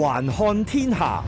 環看天下，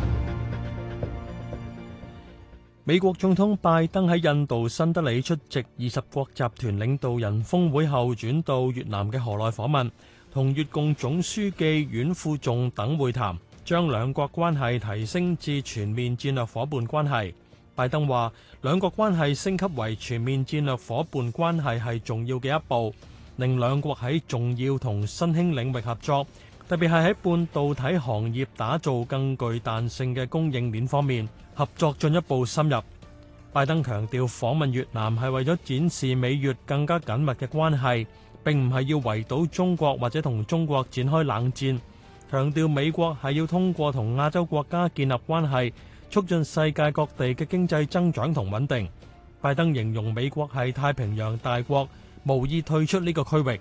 美國總統拜登喺印度新德里出席二十國集團領導人峰會後，轉到越南嘅河內訪問，同越共總書記阮富仲等會談，將兩國關係提升至全面戰略伙伴關係。拜登話，兩國關係升級為全面戰略伙伴關係係重要嘅一步，令兩國喺重要同新興領域合作。特別係喺半導體行業打造更具彈性嘅供應鏈方面合作進一步深入。拜登強調訪問越南係為咗展示美越更加緊密嘅關係，並唔係要圍堵中國或者同中國展開冷戰。強調美國係要通過同亞洲國家建立關係，促進世界各地嘅經濟增長同穩定。拜登形容美國係太平洋大國，無意退出呢個區域。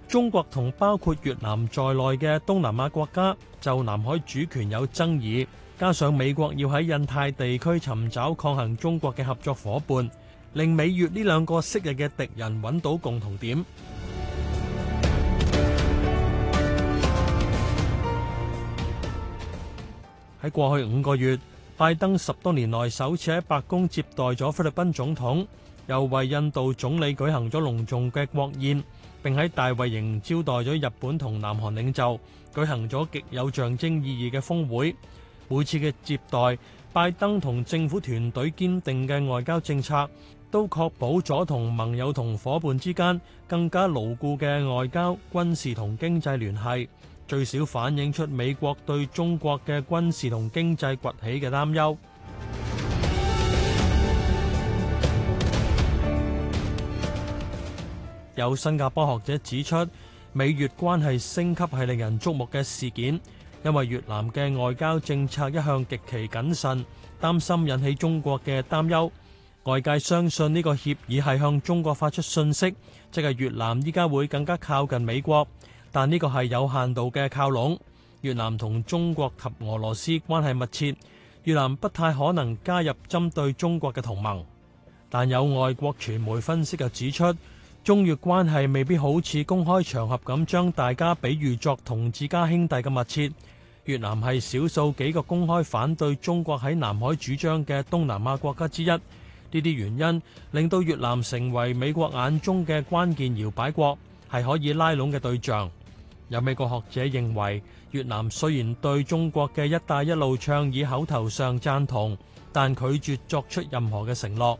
中國同包括越南在內嘅東南亞國家就南海主權有爭議，加上美國要喺印太地區尋找抗衡中國嘅合作伙伴，令美越呢兩個昔日嘅敵人揾到共同點。喺過去五個月，拜登十多年來首次喺白宮接待咗菲律賓總統，又為印度總理舉行咗隆重嘅國宴 並喺大衛營招待咗日本同南韓領袖，舉行咗極有象徵意義嘅峰會。每次嘅接待，拜登同政府團隊堅定嘅外交政策，都確保咗同盟友同夥伴之間更加牢固嘅外交、軍事同經濟聯繫，最少反映出美國對中國嘅軍事同經濟崛起嘅擔憂。有新加坡學者指出，美越關係升級係令人矚目嘅事件，因為越南嘅外交政策一向極其謹慎，擔心引起中國嘅擔憂。外界相信呢個協議係向中國發出訊息，即係越南依家會更加靠近美國，但呢個係有限度嘅靠攏。越南同中國及俄羅斯關係密切，越南不太可能加入針對中國嘅同盟。但有外國傳媒分析就指出，中越關係未必好似公開場合咁將大家比喻作同志加兄弟嘅密切。越南係少數幾個公開反對中國喺南海主張嘅東南亞國家之一。呢啲原因令到越南成為美國眼中嘅關鍵搖擺國，係可以拉攏嘅對象。有美國學者認為，越南雖然對中國嘅「一帶一路」倡議口頭上贊同，但拒絕作出任何嘅承諾。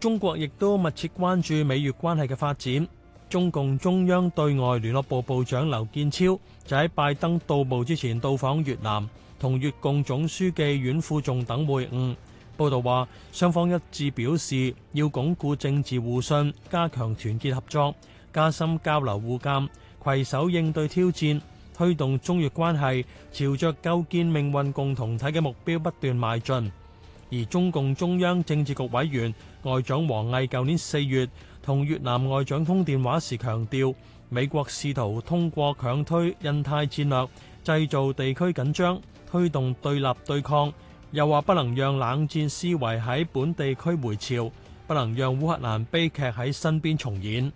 中國亦都密切關注美越關係嘅發展。中共中央對外聯絡部部長劉建超就喺拜登到埗之前到訪越南，同越共總書記阮富仲等會晤。報道話，雙方一致表示要鞏固政治互信，加強團結合作，加深交流互鑑，攜手應對挑戰，推動中越關係朝着構建命運共同體嘅目標不斷邁進。而中共中央政治局委員外長王毅舊年四月同越南外長通電話時強調，美國試圖通過強推印太戰略，製造地區緊張，推動對立對抗，又話不能讓冷戰思維喺本地區回潮，不能讓烏克蘭悲劇喺身邊重演。